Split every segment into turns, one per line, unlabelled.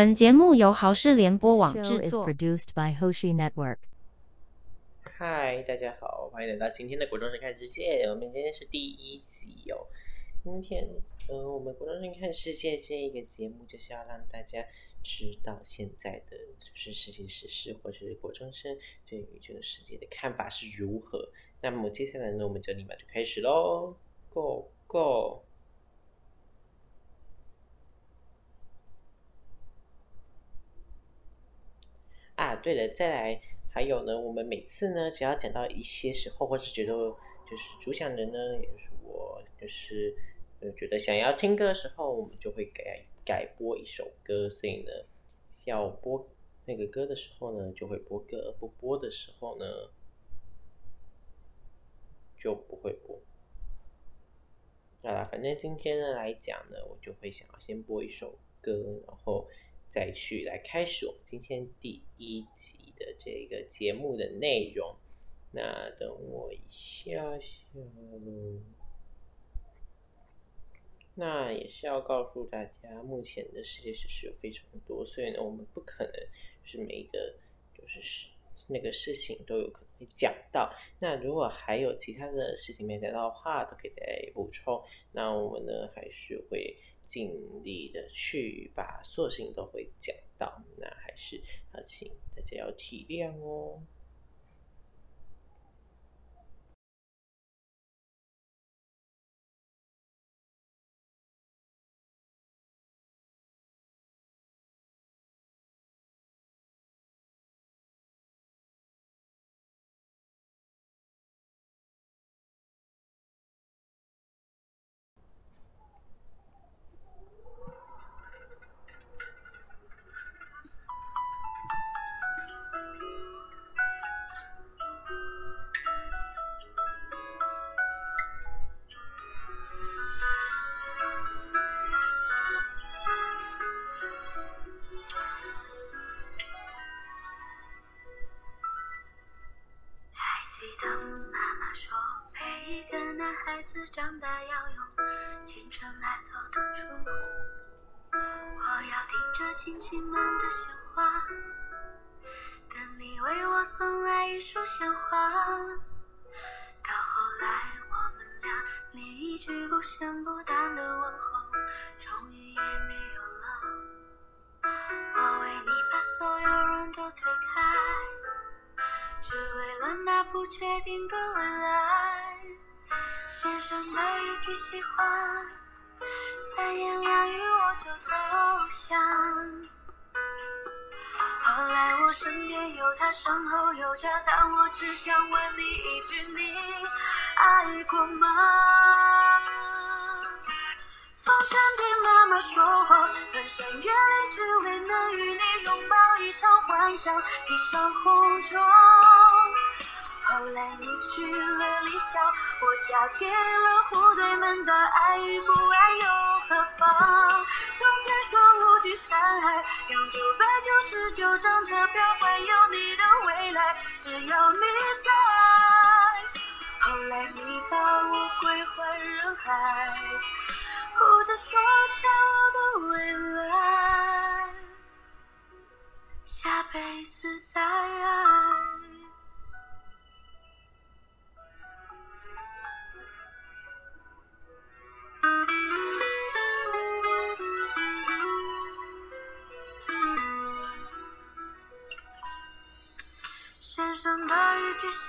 本節目由豪士聯播網製作。Produced by Hoshi Network.
Hi，大家好，歡迎來到今天的國中生看世界。我們今天是第一集哦。今天，呃，我們國中生看世界這一個節目，就是要讓大家知道現在的就是時事時事或者是國中生對於這個世界的看法是如何。那麼接下來呢，我們就立馬就開始嘍，Go Go！啊，對了，再來，還有呢，我們每次呢，只要講到一些時候，或是覺得就是主講人呢，也是我，就是覺得想要聽歌的時候，我們就會改改播一首歌，所以呢，要播那個歌的時候呢，就會播歌，不播的時候呢，就不會播。啊，反正今天呢來講呢，我就會想要先播一首歌，然後。再去來開始我們今天第一集的這個節目的內容。那等我一下下嘍。那也是要告訴大家，目前的世界時事有非常多，所以呢，我們不可能是每一個就是那個事情都有可能會講到，那如果還有其他的事情沒講到的話，都可以給大家補充。那我們呢還是會盡力的去把所有事情都會講到，那還是要請大家要體諒哦。
長大要用青春來做賭注。我要聽着親戚們的閒話，等你為我送來一束鮮花。
到後來我們
倆，連一句不鹹不淡的問候，終於也沒有了。我為你把所有人都推開，只為了那不確定的未來。的一句喜歡，三言兩語我就投降。後來我身邊有他，身後有家，但我只想問你一句，你愛過嗎？從前對媽媽說謊，翻山越嶺只為能與你擁抱一場幻想，披上紅妝。後來你娶了理想。我嫁給了戶對門的，愛與不愛又何妨？從前說無懼山海，用九百九十九張車票換有你的未來。只要你在，後來你把我歸還人海，哭着說欠我的未來。下輩子再愛。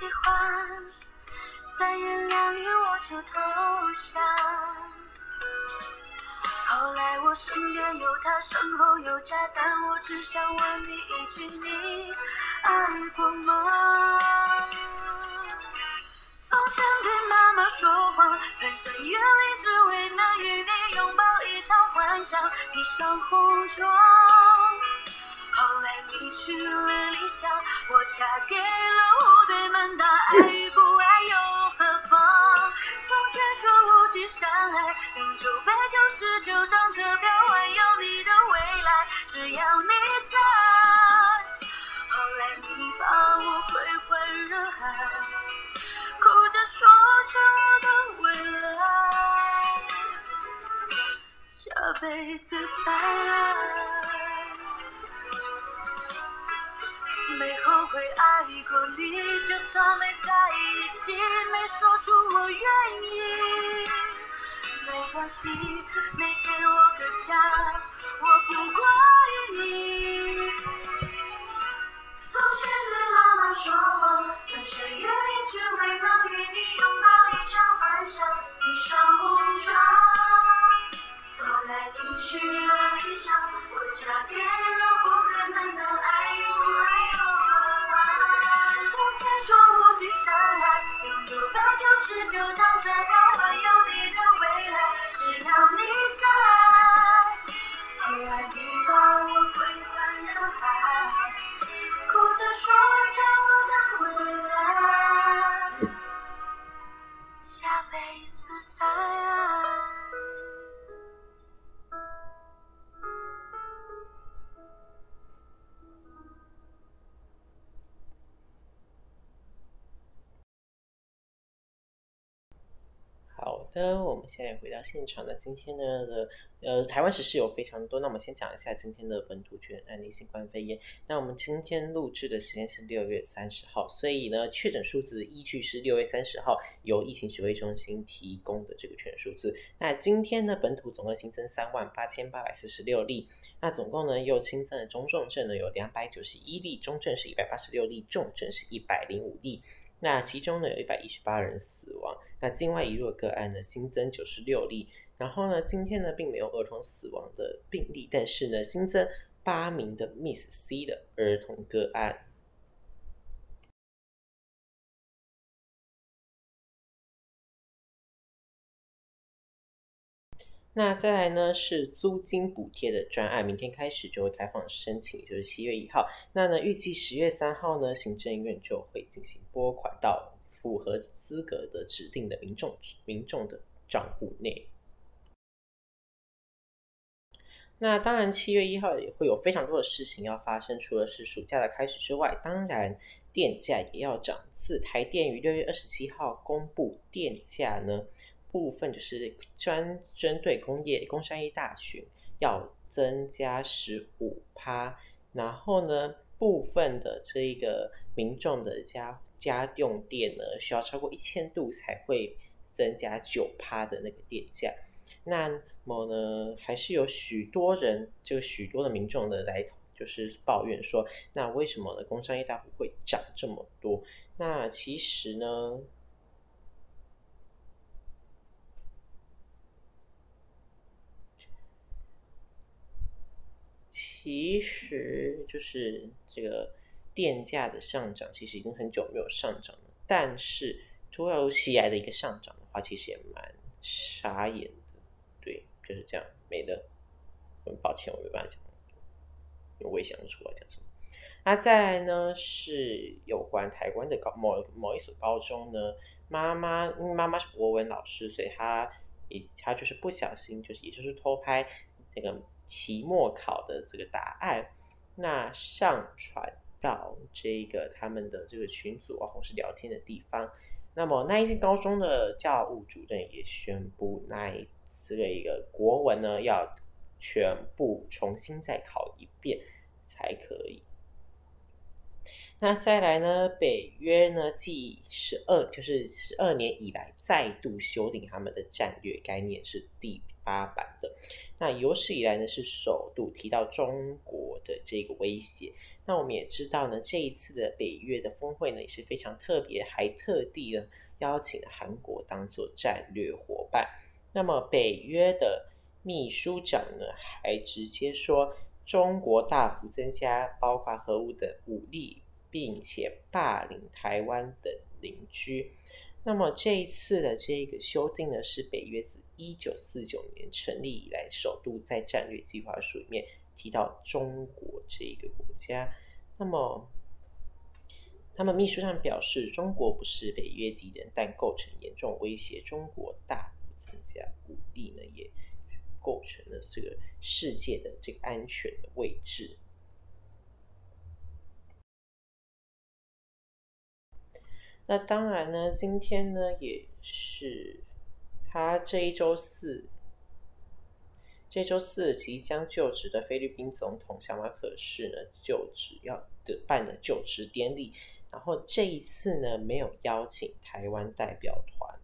喜歡三言兩語我就
投
降。後來我身邊有他，身後有家，但我只想問你一句，你愛過嗎？從前對媽媽說謊，翻山越嶺只為能與你擁抱一場幻想，披上紅妝。後來你去了理想我嫁給了戶對門當，愛與不愛又何妨？從前說無懼山海，用九百九十九張車票換有你的未來。只要你在，後來你把我歸還人海，
哭着說欠我的未來，
下輩子。如果你，就算沒在一起，沒說出我願意，沒關係，沒給我個家，我不怪你。從前對媽媽說。
哈囉，我們現在回到現場了。今天呢的，呃，台灣時事有非常多，那我們先講一下今天的本土確診案例新冠肺炎。那我們今天錄制的時間是六月三十號，所以呢確診數字依據是六月三十號由疫情指揮中心提供的這個確診數字。那今天呢本土總共新增三萬八千八百四十六例，那總共呢又新增了中重症呢有兩百九十一例，中症是一百八十六例，重症是一百零五例。那其中呢，有一百一十八人死亡。那境外移入個案呢，新增九十六例。然後呢，今天呢，並沒有兒童死亡的病例，但是呢，新增八名的 Miss C 的兒童個案。那再來呢，是租金補貼的專案，明天開始就會開放申請，就是七月一號。那呢預計十月三號呢，行政院就會進行撥款到符合資格的指定的民眾民眾的賬戶內。那當然七月一號也會有非常多的事情要發生，除了是暑假的開始之外，當然電價也要漲。自台電於六月二十七號公布電價呢，部分就是專針對工業、工商業大戶要增加十五趴，然後呢，部分的這一個民眾的家家用電呢，需要超過一千度才會增加九趴的那個電價。那麼呢，還是有許多人，就許多的民眾的來就是抱怨說，那為什麼呢，工商業大戶會漲這麼多？那其實呢，其實就是這個電價的上漲，其實已經很久沒有上漲了。但是突如其來的一個上漲的話，其實也蠻傻眼的。對，就是這樣，沒的。很抱歉，我沒辦法講那麼多，因為我也想不出來講什麼。那再來呢，是有關台灣的高某某一所高中呢，媽媽，因為媽媽是國文老師，所以她以她就是不小心，就是也就是偷拍那、這個。期末考的這個答案，那上傳到這個他們的這個群組啊，或是聊天的地方。那麼那一些高中的教務主任也宣布，那一次的一個國文呢，要全部重新再考一遍才可以。那再來呢，北約呢，繼十二就是十二年以來，再度修訂他們的戰略概念，是第八版的。那有史以來呢，是首度提到中國的這個威脅。那我們也知道呢，這一次的北約的峰會呢，也是非常特別，還特地呢邀請了韓國當做戰略夥伴。那麼北約的秘書長呢還直接說，中國大幅增加包括核武的武力。並且霸凌台灣的鄰居。那麼這一次的這個修訂呢，是北約自一九四九年成立以來，首度在戰略計劃書裡面提到中國這個國家。那麼他們秘書長表示，中國不是北約敵人，但構成嚴重威脅。中國大幅增加武力呢，也構成了這個世界的這個安全的位置。那當然呢，今天呢也是，他這一周四，這周四即將就職的菲律賓總統小馬可仕呢就職要得辦的就職典禮，然後這一次呢沒有邀請台灣代表團，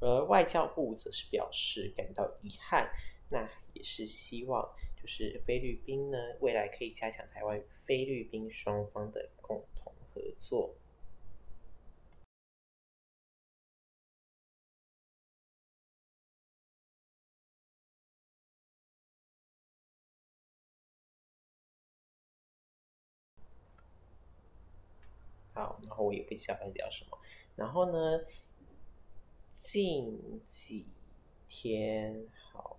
而外交部則是表示感到遺憾。那也是希望，就是菲律賓呢，未來可以加強台灣與菲律賓雙方的共同合作。好，然後我也不知道該聊什麼，然後呢，近幾天好，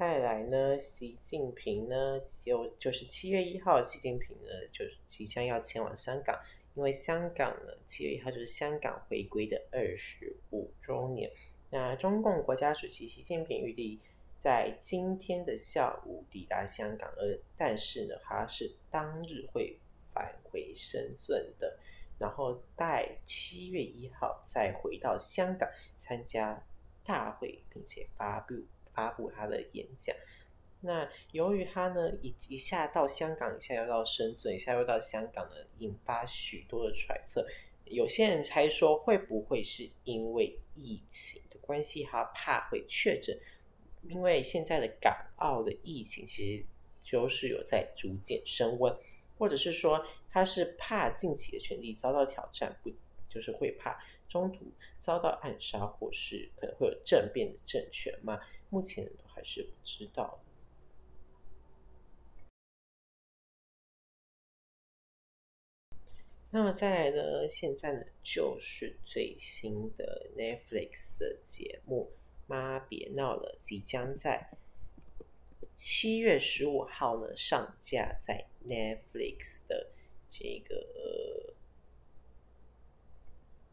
再來呢，習近平呢，就就是七月一號，習近平呢就即將要前往香港，因為香港呢七月一號就是香港回歸的二十五周年。那中共國家主席習近平預定在今天的下午抵達香港，呃，但是呢，他是當日會返回深圳的，然後待七月一號再回到香港參加大會，並且發布，發布他的演講。那由於他呢，一一下到香港，一下又到深圳，一下又到香港呢，引發許多的揣測。有些人猜說，會不會是因為疫情的關係，他怕會確診？因為現在的港澳的疫情其實就是有在逐漸升溫，或者是說他是怕近期的權利遭到挑戰不？就是會怕中途遭到暗殺，或是可能會有政變的政權嘛，目前都還是不知道。那麼再來呢？現在呢，就是最新的 Netflix 的節目《媽別鬧了》，即將在七月十五號呢上架在 Netflix 的這個。呃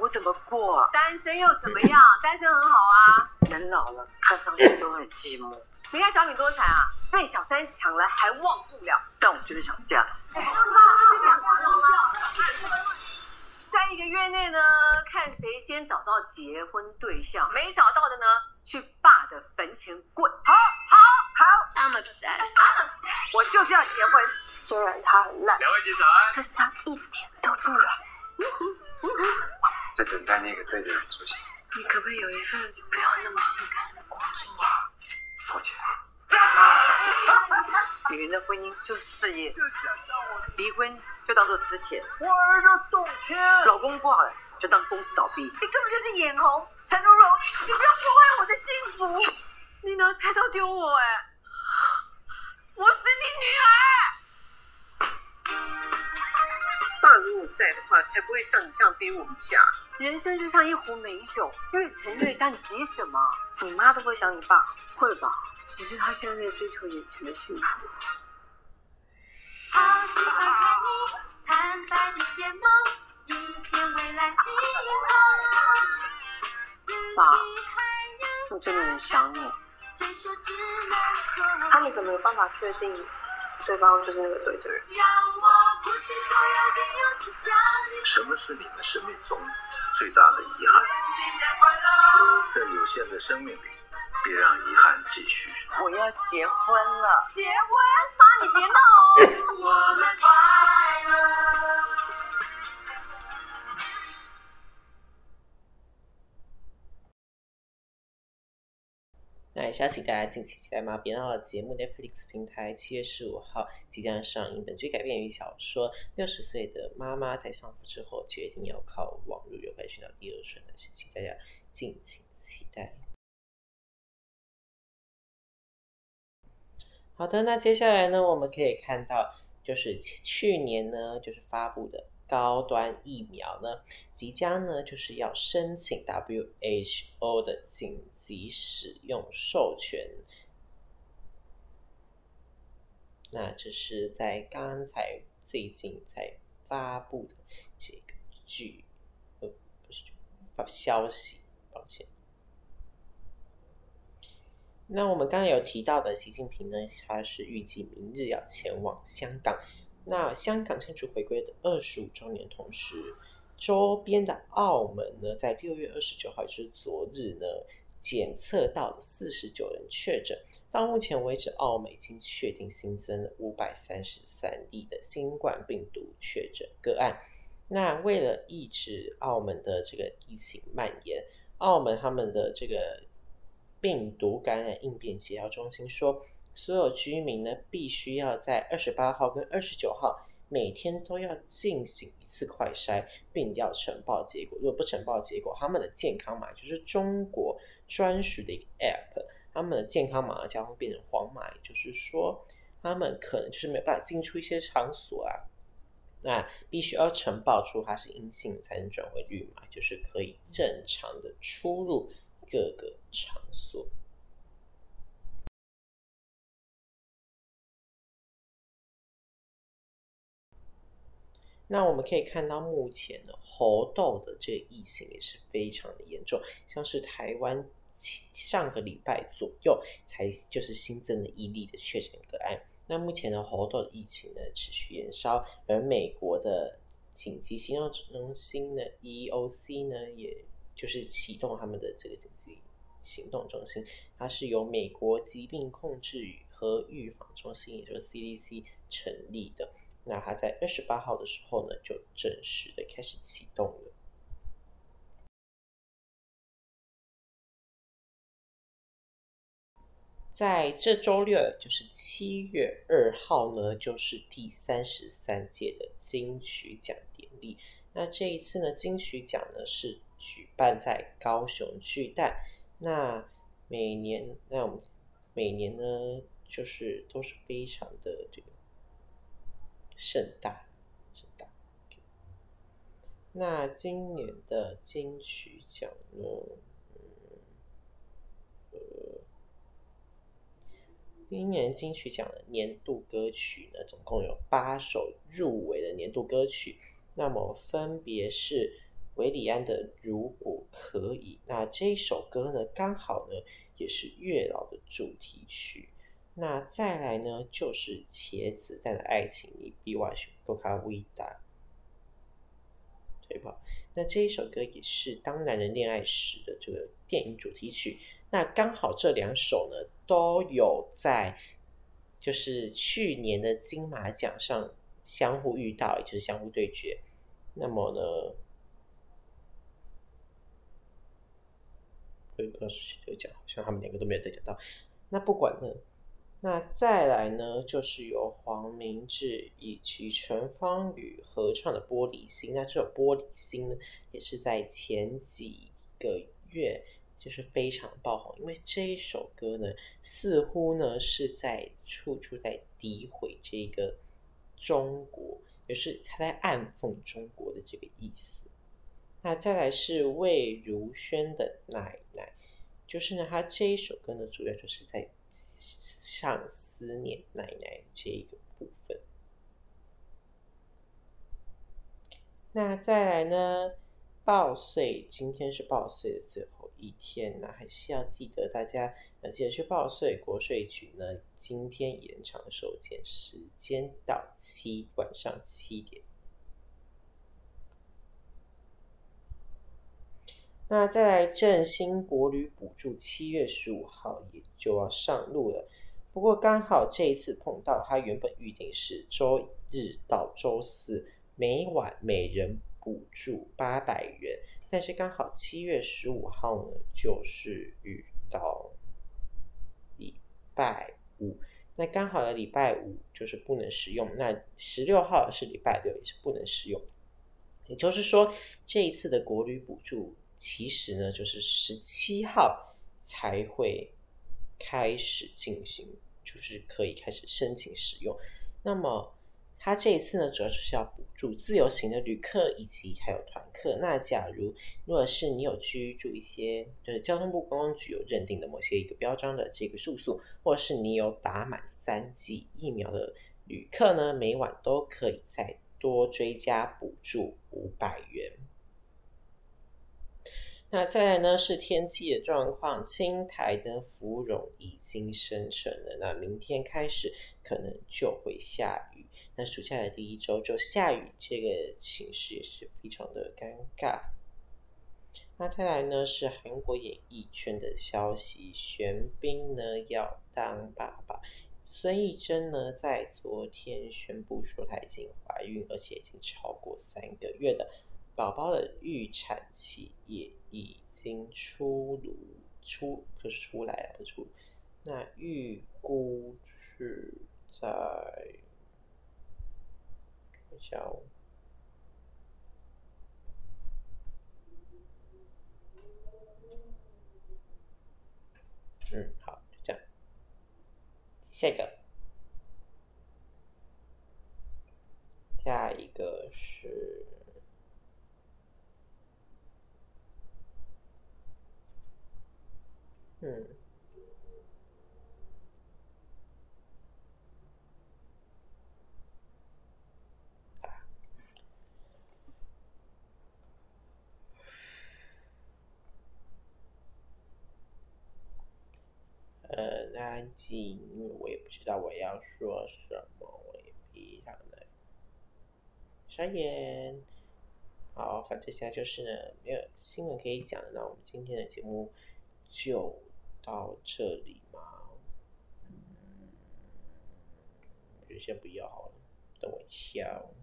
我怎麼過，啊？單身又怎麼樣？單身很好啊。 人老了，看上去都很寂寞。你看小米多慘啊，被小三搶了還忘不了。但我就是想嫁。在，欸，一個月內呢，看誰先找到結婚對象，沒找到的呢，去爸的墳前跪。好好好。I'm obsessed。我就是要結婚，雖，嗯、然他很懶，兩位姐仔，啊，但是他一點都不軟。好嗯嗯嗯在等待那個對的人出現。你可不可以有一份不要那麼性
感的工作？抱歉。
抱歉 女人的婚姻就是事業，就想到
我
離婚就當做資遣。我兒子動天。老公掛了就當公司倒閉。你根本就是眼紅，陳如榮你不要破壞我的幸福。 你能猜到丟我？哎，
我是你女兒。
爸如果在的話，才不會像你這樣逼我們嫁。人生就像一壺美酒，越陳越香，你急什麼？ 你媽都會想你爸，會吧？只是她現在追求眼前的幸福，啊啊。
爸，我真的很
想你。他、啊、們怎麼有辦法確定？對方就是那個對的
人。
什麼是你們生命中最大的遺憾？在有限的生命裡，別讓遺憾繼續。我要結婚了，
結婚？媽，你別鬧哦。
那也要請大家敬請期待嘛！別鬧了節目 Netflix 平台七月十五號即將上映，本劇改編於小說《六十歲的媽媽在喪夫之後，決定要靠網路遊拍尋找第二春》的事情，大家敬請期待。好的，那接下來呢，我們可以看到就是去年呢，就是發布的。高端疫苗呢，即將呢就是要申請 WHO 的緊急使用授權。那這是在剛才最近才發布的這個據，呃，不是，發消息，抱歉。那我們剛才有提到的習近平呢，他是預計明日要前往香港。那香港慶祝回歸的二十五周年，同時周邊的澳門呢，在六月二十九號，也就是昨日呢，檢測到了四十九人確診。到目前為止，澳門已經確定新增了五百三十三例的新冠病毒確診個案。那為了抑制澳門的這個疫情蔓延，澳門他們的這個病毒感染應變協調中心說。所有居民呢，必須要在二十八號跟二十九號每天都要進行一次快篩，並要呈報結果。如果不呈報結果，他們的健康碼就是中國專屬的一個 App，他們的健康碼將會變成黃碼，也就是說他們可能就是沒辦法進出一些場所啊。那必須要呈報出它是陰性，才能轉為綠碼，就是可以正常的出入各個場所。那我們可以看到，目前呢，猴痘的這個疫情也是非常的嚴重，像是台灣上個禮拜左右才就是新增了一例的確診個案。那目前呢，猴痘的疫情呢持續延燒，而美國的緊急行動中心呢，EOC 呢，也就是啟動他們的這個緊急行動中心，它是由美國疾病控制與和預防中心，也就是 CDC 成立的。那它在二十八號的時候呢，就正式的開始啟動了。在這週六，就是七月二號呢，就是第三十三屆的金曲獎典禮。那這一次呢，金曲獎呢是舉辦在高雄巨蛋。那每年，那我們每年呢，就是都是非常的這個。對盛大，盛大、okay。那今年的金曲獎呢？嗯，呃，今年金曲獎的年度歌曲呢，總共有八首入圍的年度歌曲。那麼分別是韋禮安的《如果可以》，那這首歌呢，剛好呢，也是月老的主題曲。那再來呢，就是《茄子蛋的愛情》，你意外選不開味道，對吧？那這一首歌也是《當男人戀愛時》的這個電影主題曲。那剛好這兩首呢，都有在就是去年的金馬獎上相互遇到，也就是相互對決。那麼呢，我也不知道是誰得獎，好像他們兩個都沒有得獎到。那不管呢。那再來呢，就是由黃明志以及陳芳語合唱的《玻璃心》。那這首《玻璃心》呢，也是在前幾個月就是非常爆紅，因為這一首歌呢，似乎呢是在處處在詆毀這個中國，就是他在暗諷中國的這個意思。那再來是魏如萱的《奶奶》，就是呢，他這一首歌呢，主要就是在。上思念奶奶這一個部分。那再來呢，報稅，今天是報稅的最後一天，那還是要記得大家要記得去報稅。國稅局呢，今天延長收件時間到七晚上七點。那再來，振興國旅補助七月十五號也就要上路了。不過剛好這一次碰到，他原本預定是週日到週四，每晚每人補助八百元，但是剛好七月十五號呢就是遇到禮拜五，那剛好呢禮拜五就是不能使用，那十六號是禮拜六也是不能使用，也就是說這一次的國旅補助其實呢就是十七號才會開始進行。就是可以開始申請使用，那麼他這一次呢，主要就是要補助自由行的旅客以及還有團客。那假如如果是你有居住一些，就是交通部觀光局有認定的某些一個標章的這個住宿，或者是你有打滿三劑疫苗的旅客呢，每晚都可以再多追加補助五百元。那再來呢是天氣的狀況，輕颱的芙蓉已經生成了，那明天開始可能就會下雨。那暑假的第一週就下雨，這個情勢也是非常的尷尬。那再來呢是韓國演藝圈的消息，玄彬呢要當爸爸，孫藝珍呢在昨天宣布說她已經懷孕，而且已經超過三個月的，寶寶的預產期也。已經出爐，出就是出來了，出。那預估是在比較，哦，嗯，好，就這樣。下一個，下一個是。嗯、啊。呃，安靜，因為我也不知道我要說什麼，我也非常的。閉上了雙眼。好，反正現在就是呢，沒有新聞可以講的，那我們今天的節目就。到這裡嘛，我覺得先不要好了，等我一下哦。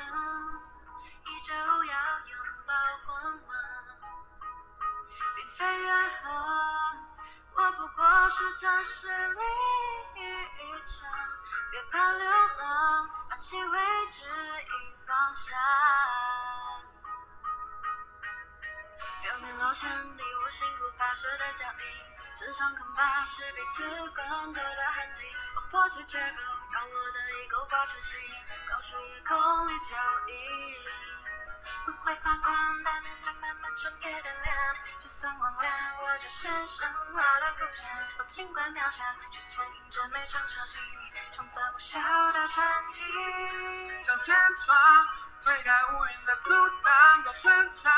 依舊要擁抱光芒，並非永恆。我不過是暫時淋雨一場，別怕流浪，繁星會指引方向。表面老塵，你我辛苦跋涉的腳印，身上刻疤是彼此奮鬥的痕迹。我破碎缺口。我的衣鈎掛成星，告訴夜空裡交易不會發光，但能將漫漫長夜點亮。就算光亮，我就是神話的孤弧。我儘管渺小，卻牽引着每場潮汐，創造不朽的傳奇。向前闖，推開烏雲的阻擋，高聲唱。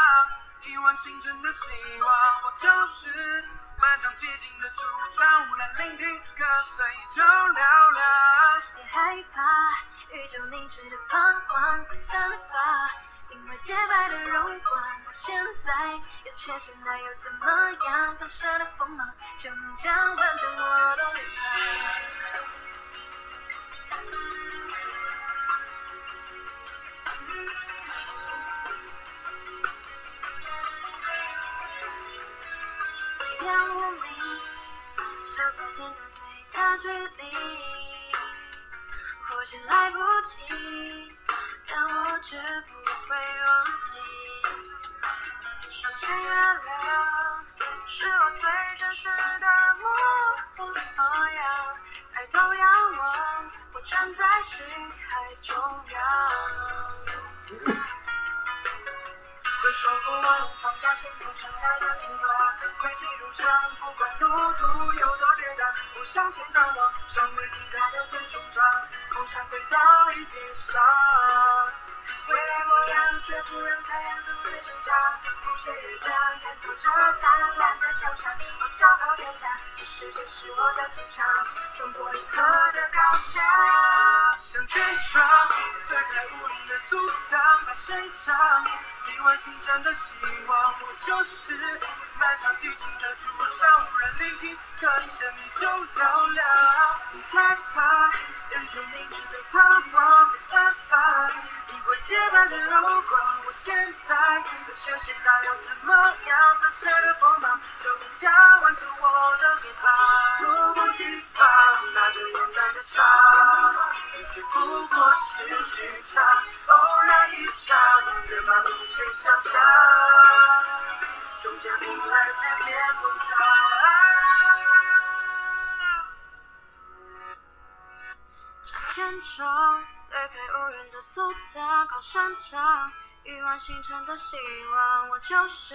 億萬星辰的希望，我就是漫長寂靜的主唱，無人聆聽歌聲依舊嘹亮。別害怕，宇宙凝滯的彷徨，徨，快散發，因為潔白的榮光。到現在，又缺陷那又怎麼樣？噴射的鋒芒，終將完整我的臉龐。 說再見的最佳距離，或許來不及，但我絕不會忘記。手牽月亮，是我最真實的模樣。Oh yeah, 抬頭仰望，我站在星海中央。說不完，放下心中塵埃的情話。快意如常，不管路途有多跌宕，我向前張望，向
未知的最終章。夢想會倒立飛翔，未來模樣，絕不讓太陽躲在雲下。不歇的槳，開拓這燦爛的疆場。我昭告天下，這世界是我的主場，衝破銀河的高牆。向前闖，推開烏雲的阻擋，大聲唱，億萬心藏的希望。我就是漫長寂靜的主唱，無人聆聽歌聲依舊嘹亮。別害怕，眼中凌厲的盼望被散發，映輝潔
白的柔光。我現在的學習那又怎麼樣？滿身的鋒芒終將完成我的涅槃。猝不及防，那就
勇敢的唱。只不過是
句假，偶然一場，圓滿無心想象，終將迎來見面不長。唱前奏，推開無人的阻擋，高聲唱，億萬星辰的希望，我就是。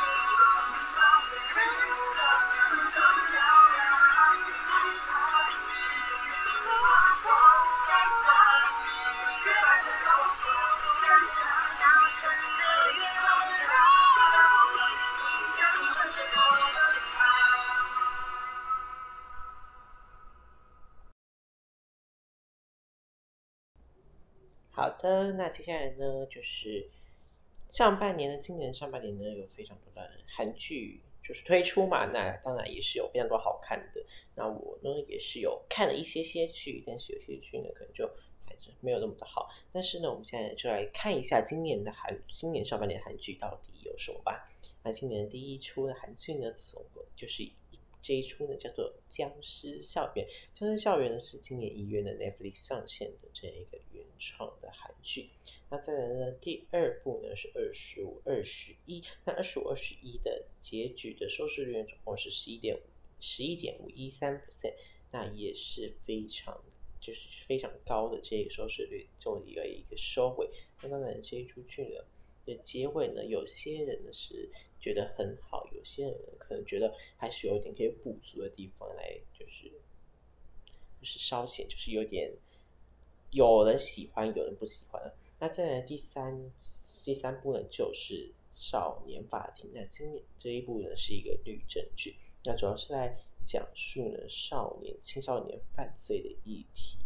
好的，那接下來呢，就是上半年的今年上半年呢有非常多的韓劇就是推出嘛，那當然也是有非常多好看的，那我呢也是有看了一些些劇，但是有些，些劇呢可能就還是沒有那麼的好，但是呢我們現在就來看一下今年的韓今年上半年韓劇到底有什麼吧。那今年第一出的韓劇呢，總共就是。這一出呢叫做《殭屍校園》，《殭屍校園》呢是今年一月的 Netflix 上線的這樣一個原創的韓劇。那再來呢第二部呢是《二十五二十一》，那《二十五二十一》的結局的收視率總共是十一點五、十一點五一三 percent，那也是非常就是非常高的這個收視率作為一個一個收尾。那當然這一出劇呢。的結尾呢，有些人呢是覺得很好，有些人可能覺得還是有一點可以補足的地方，來就是就是稍嫌，就是有點，有人喜歡，有人不喜歡。那再來第三第三部呢，就是《少年法庭》。那今年這一部呢是一個律政劇，那主要是來講述呢少年青少年犯罪的議題。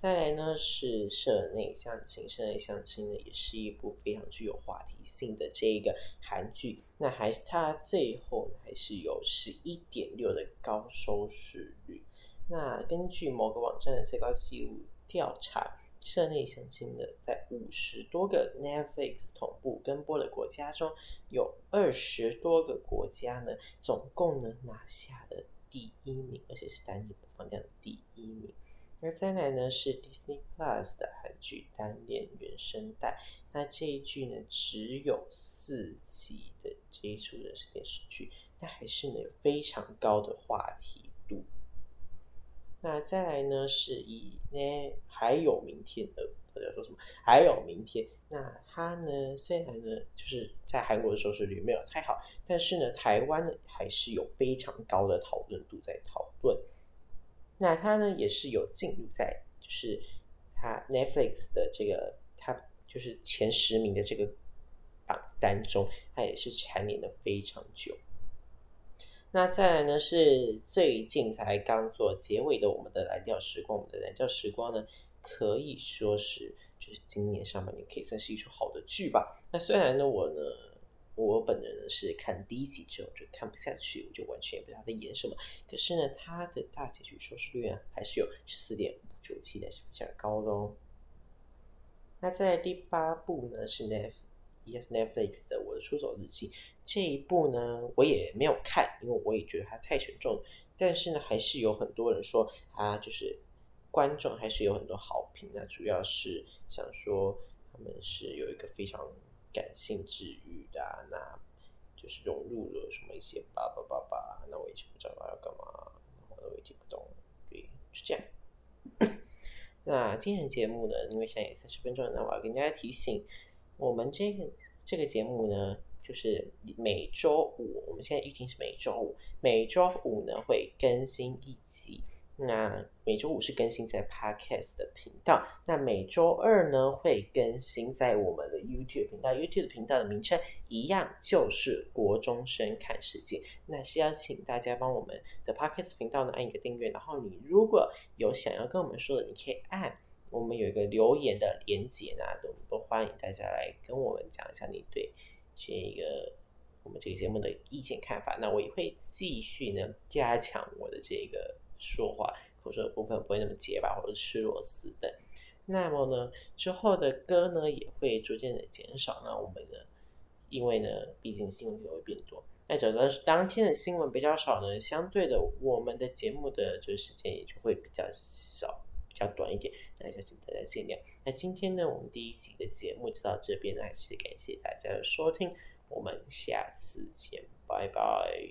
再來呢是《社內相親》，《社內相親》呢，《社內相親》呢也是一部非常具有話題性的這一個韓劇，那還它最後呢還是有十一點六的高收視率。那根據某個網站的最高紀錄調查，《社內相親》呢，在五十多個 Netflix 同步跟播的國家中，有二十多個國家呢，總共呢拿下了第一名，而且是單日播放量第一名。那再來呢是 Disney Plus 的韓劇《單戀原聲帶》，那這一劇呢只有四集的這一出的是電視劇，那還是呢有非常高的話題度。那再來呢是以《呢還有明天》呃，大家說什麼？還有明天？那它呢雖然呢就是在韓國的收視率沒有太好，但是呢台灣呢還是有非常高的討論度在討論。那它呢也是有進入在就是它 Netflix 的這個它就是前十名的這個榜單中，它也是蟬聯了非常久。那再來呢是最近才剛做結尾的我們的《藍調時光》，我們的《藍調時光》呢可以說是就是今年上半年可以算是一出好的劇吧。那雖然呢我呢。我本人呢是看第一集之後就看不下去，我就完全也不知道演什麼。可是呢，它的大結局收視率啊還是有十四點九七，是比較高的哦。那在第八部呢是 net yes Netflix 的《我的出走日記》，這一部呢我也沒有看，因為我也覺得它太沉重。但是呢，還是有很多人說啊，就是觀眾還是有很多好評，那主要是想說他們是有一個非常。感性治癒的，啊，那，就是融入了什麼一些吧吧吧吧，那我也不知道要幹嘛，我也聽不懂，對，就這樣。 那今天的節目呢，因為現在也三十分鐘了，那我要跟大家提醒，我們這個這個節目呢，就是每週五，我們現在預定是每週五，每週五呢會更新一集。那每週五是更新在 Podcast 的頻道，那每週二呢會更新在我們的 YouTube 頻道，YouTube 頻道的名稱一樣就是國中生看世界。那是要請大家幫我們的 Podcast 頻道呢按一個訂閱，然後你如果有想要跟我們說的，你可以按我們有一個留言的連接呢，都都歡迎大家來跟我們講一下你對這個我們這個節目的意見看法。那我也會繼續呢加強我的這個。說話口舌的部分不會那麼結巴或者吃螺絲等。那麼呢，之後的歌呢也會逐漸的減少。那我們呢，因為呢，畢竟新聞也會變多。那整個當天的新聞比較少呢，相對的我們的節目的這個時間也就會比較少，比較短一點。那就請大家見諒。那今天呢，我們第一集的節目就到這邊，還是感謝大家的收聽，我們下次見，拜拜。